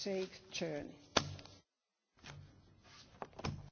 safe journey.